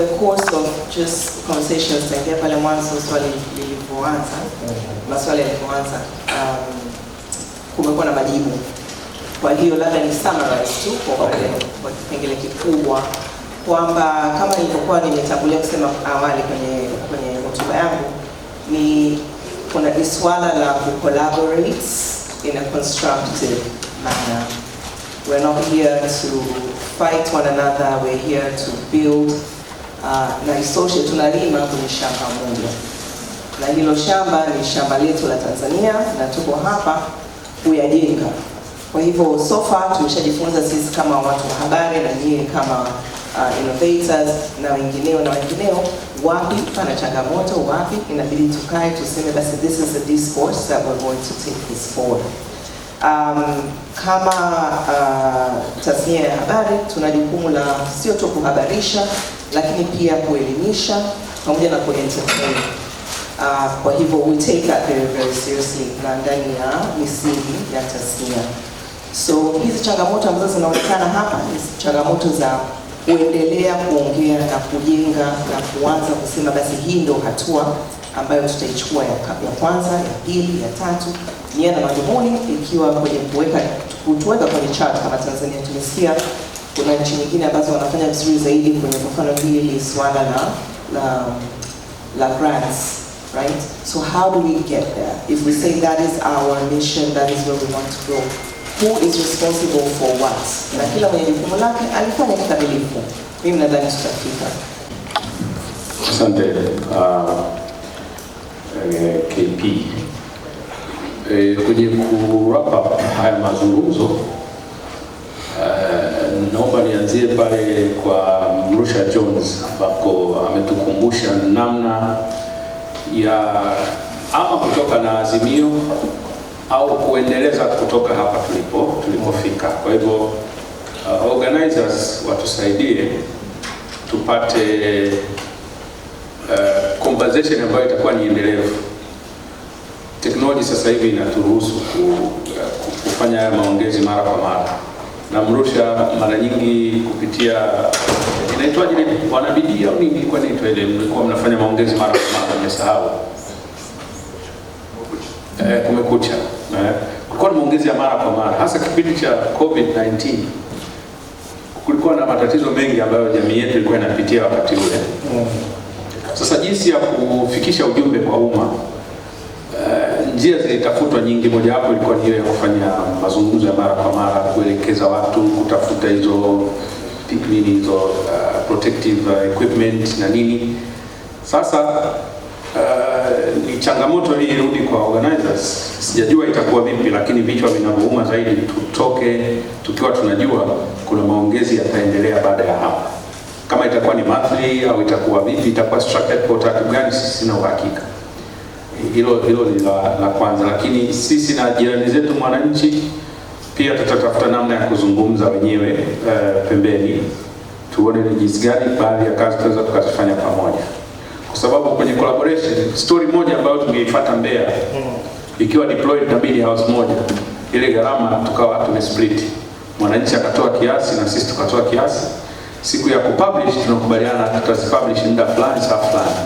the course of just conversations tunaingia pale mwanzo swali lilivyoanza, mhm. maswali yalivyoanza, um, kumekuwa na majibu. Kwa hiyo labda ni summarize tu kwa okay, kwa kipengele kikubwa kwamba kama nilivyokuwa nimetangulia kusema awali kwenye kwenye hotuba yangu ni kuna swala la collaborate in a constructive manner. We're not here to fight one another, we're here to build Ah, na isoshe tunalima kwenye shamba moja, na hilo shamba ni shamba letu la Tanzania na tuko hapa kuyajenga. Kwa hivyo sofa tumeshajifunza sisi kama watu wa habari na nyie kama uh, innovators na wengineo na wengineo, wapi pana changamoto, wapi inabidi tukae tuseme, basi this is the discourse that we're going to take this forward. Um, kama uh, ah, tasnia ya habari tuna jukumu la sio tu kuhabarisha lakini pia kuelimisha pamoja na entertain Uh, ah, kwa hivyo we take that very very seriously na ndani ya misingi ya tasnia. So hizi changamoto ambazo zinaonekana hapa ni changamoto za kuendelea kuongea na kujenga na kuanza kusema basi hii ndio hatua ambayo tutaichukua ya, ya kwanza ya pili ya tatu, nia na madhumuni ikiwa kwenye kuweka kutuweka kwenye chart kama Tanzania. Tumesikia kuna nchi nyingine ambazo wanafanya vizuri zaidi kwenye kwa mfano hili swala la la la grants right so how do we get there if we say that is our mission that is where we want to go who is responsible for what na kila mwenye jukumu lake alifanya kikamilifu mimi nadhani tutafika asante uh, eh, KP eh, kwenye ku up haya mazungumzo tuanzie pale kwa Mrusha Jones ambako ametukumbusha namna ya ama kutoka na azimio au kuendeleza kutoka hapa tulipo tulipofika. Kwa hivyo uh, organizers watusaidie tupate uh, conversation ambayo itakuwa ni endelevu. Teknolojia sasa hivi inaturuhusu uh, kufanya haya maongezi mara kwa mara na Mrusha mara nyingi kupitia inaitwaje ile wanabidii au nini, kwa nini ile mlikuwa mnafanya maongezi mara kwa mara, nimesahau eh, kumekucha eh, kulikuwa na maongezi ya mara kwa mara, hasa kipindi cha COVID 19 kulikuwa na matatizo mengi ambayo jamii yetu ilikuwa inapitia wakati ule. Mm. Sasa jinsi ya kufikisha ujumbe kwa umma njia zilitafutwa nyingi, mojawapo ilikuwa ni hiyo ya kufanya mazungumzo ya mara kwa mara, kuelekeza watu kutafuta hizo nini hizo uh, protective uh, equipment na nini. Sasa uh, ni changamoto hii irudi kwa organizers, sijajua itakuwa vipi, lakini vichwa vinavyouma zaidi, tutoke tukiwa tunajua kuna maongezi yataendelea baada ya hapa Kama itakuwa ni monthly au itakuwa vipi, itakuwa structured kwa utaratibu gani, sisi sina uhakika hilo hilo ni la, la kwanza, lakini sisi na jirani zetu mwananchi pia tutatafuta namna ya kuzungumza wenyewe uh, pembeni, tuone ni jinsi gani baadhi ya kazi tunaweza tukazifanya pamoja, kwa sababu kwenye collaboration story moja ambayo tungeifuata Mbeya mm. ikiwa deployed na bidi house moja, ile gharama tukawa tumesplit, mwananchi akatoa kiasi na sisi tukatoa kiasi. Siku ya kupublish tunakubaliana tutazipublish muda fulani, saa fulani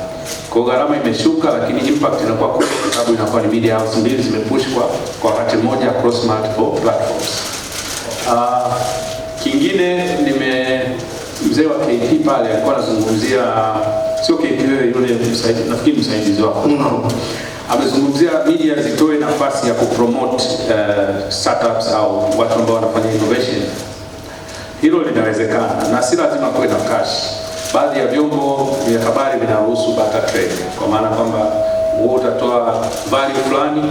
kwa gharama imeshuka, lakini impact inakuwa kubwa kwa sababu inakuwa ni media house mbili zimepush kwa kwa wakati mmoja across multiple platforms. Uh, kingine nime mzee wa KP pale alikuwa anazungumzia sio KP wewe, yule msaidizi, nafikiri msaidizi wako amezungumzia media zitoe nafasi ya kupromote uh, startups au watu ambao wanafanya innovation. Hilo linawezekana na si lazima kuwe na cash baadhi ya vyombo vya habari vinaruhusu barter trade, kwa maana kwamba wewe utatoa value fulani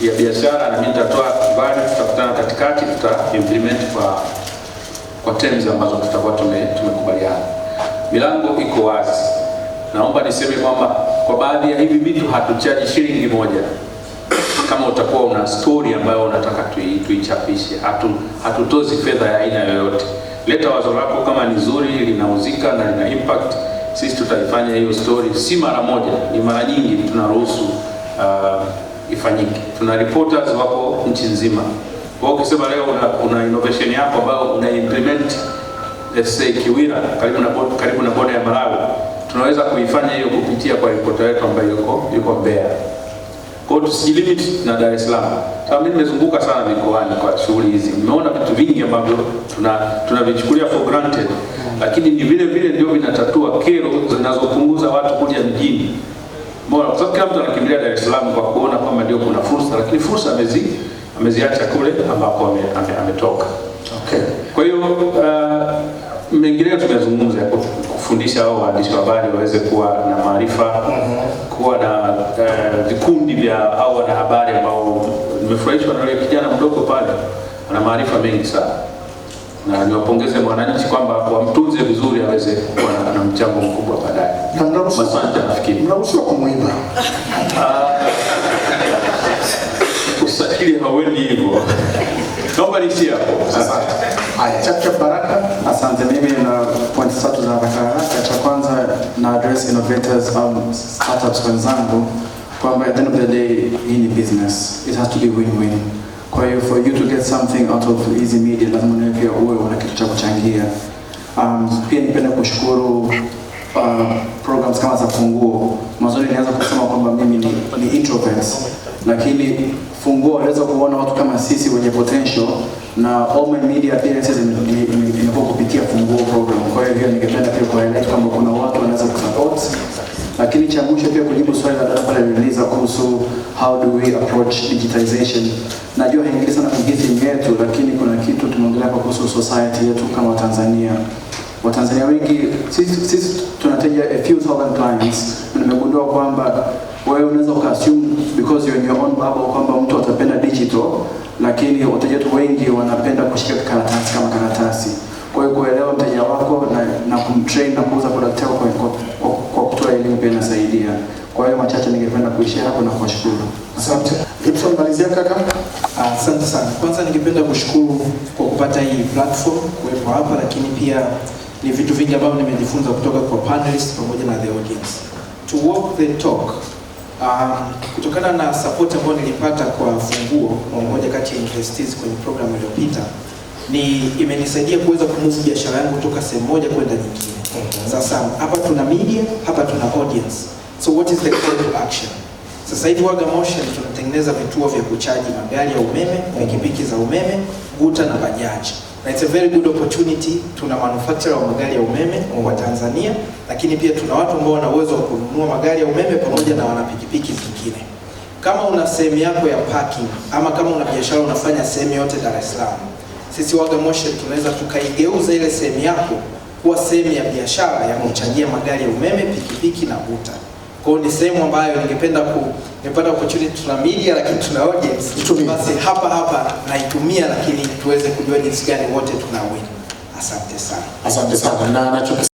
ya biashara na mimi nitatoa value, tutakutana katikati, tuta implement kwa kwa terms ambazo tutakuwa tumekubaliana. milango iko wazi. Naomba niseme kwamba kwa baadhi ya hivi vitu hatuchaji shilingi moja kama utakuwa una story ambayo unataka tuichapishe tui, hatutozi fedha ya aina yoyote. Leta wazo lako ni zuri, linauzika na lina impact. Sisi tutaifanya hiyo story, si mara moja, ni mara nyingi tunaruhusu uh, ifanyike. Tuna reporters wako nchi nzima. Kwa hiyo ukisema leo una, una innovation yako ambayo una implement let's say Kiwira karibu na karibu na boda ya Malawi, tunaweza kuifanya hiyo kupitia kwa reporter wetu ambaye yuko yuko Mbeya. Kwa hiyo tusijilimit na Dar es Salaam. Sasa mimi nimezunguka sana mikoani kwa shughuli hizi, nimeona vitu vingi ambavyo tunavichukulia tuna for granted, lakini ni vile vile ndio vinatatua kero zinazopunguza watu kuja mjini. Mbona? Kwa sababu kila mtu anakimbilia Dar es Salaam kwa kuona kwamba ndio kuna fursa, lakini fursa amezi ameziacha kule ambapo ametoka ame, ame okay. Kwa hiyo uh, mengineyo tumezungumza hapo kufundisha hao waandishi wa habari waweze kuwa na maarifa mm -hmm. kuwa na eh, vikundi uh, vya au wanahabari ambao nimefurahishwa na yule kijana mdogo pale, ana maarifa mengi sana, na niwapongeze mwananchi kwamba wamtunze vizuri aweze kuwa na mchango mkubwa baadaye. Asante. Nafikiri mnaruhusiwa kumwiba ah usajili hauendi hivyo. Naomba niishie hapo. Asante. Haya, chap baraka. Asante, mimi na point tatu za haraka haraka. Cha kwanza na address innovators um, startups wenzangu kwamba at the end of the day hii ni business. It has to be win-win. Kwa hiyo for you to get something out of Easy media lazima uwe una kitu cha kuchangia. Um, pia nipenda kushukuru uh, programs kama za Funguo. Mwanzoni nilianza kusema kwamba mimi ni, ni introverts, lakini Funguo waliweza kuona watu kama sisi wenye potential na Omen Media appearances imekuwa kupitia Funguo program. Kwa hiyo ningependa pia kueleza kwamba kuna watu wanaweza kusupport, lakini cha mwisho pia kujibu swali la dada pale niliuliza kuhusu how do we approach digitization. Najua haingii sana kwenye yetu, lakini kuna kitu tumeongelea kuhusu society yetu kama Tanzania Watanzania wengi sisi, sisi tunateja a few thousand clients, na nimegundua kwamba wewe unaweza ukaassume because you're in your own bubble kwamba mtu atapenda digital, lakini wateja wetu wengi wanapenda kushika karatasi kama karatasi. Kwa hiyo kuelewa mteja wako na, na kumtrain na kuuza product yako kwa, kwa, kwa, kwa kutoa elimu pia inasaidia. Kwa hiyo machache ningependa kuishia hapo na kuwashukuru. Asante. Gibson, malizia kaka. Asante sana. Kwanza ningependa kushukuru kwa kupata hii platform kuwepo hapa, lakini pia ni vitu vingi ambavyo nimejifunza kutoka kwa panelists pamoja na the audience. To walk the talk. Um, kutokana na support ambayo nilipata kwa Funguo, wa mmoja kati ya investees kwenye program iliyopita, ni imenisaidia kuweza kumuzi biashara yangu kutoka sehemu moja kwenda nyingine. Mhm. Sasa hapa tuna media, hapa tuna audience. So what is the call to action? Sasa hivi Waga Motion tunatengeneza vituo vya kuchaji magari ya umeme, pikipiki za umeme, guta na bajaji na it's a very good opportunity. Tuna manufacturer wa magari ya umeme wa Tanzania, lakini pia tuna watu ambao wana uwezo wa kununua magari ya umeme pamoja na wanapikipiki zingine. Kama una sehemu yako ya parking ama kama una biashara unafanya sehemu yote Dar es Salaam, sisi Waga Moshi tunaweza tukaigeuza ile sehemu yako kuwa sehemu ya biashara ya kuchangia magari ya umeme, pikipiki na buta. Kwa ni sehemu ambayo ningependa ku nimepata opportunity, tuna media lakini tuna audience, basi hapa hapa naitumia, lakini tuweze kujua jinsi gani wote tuna Asante sana, asante sana na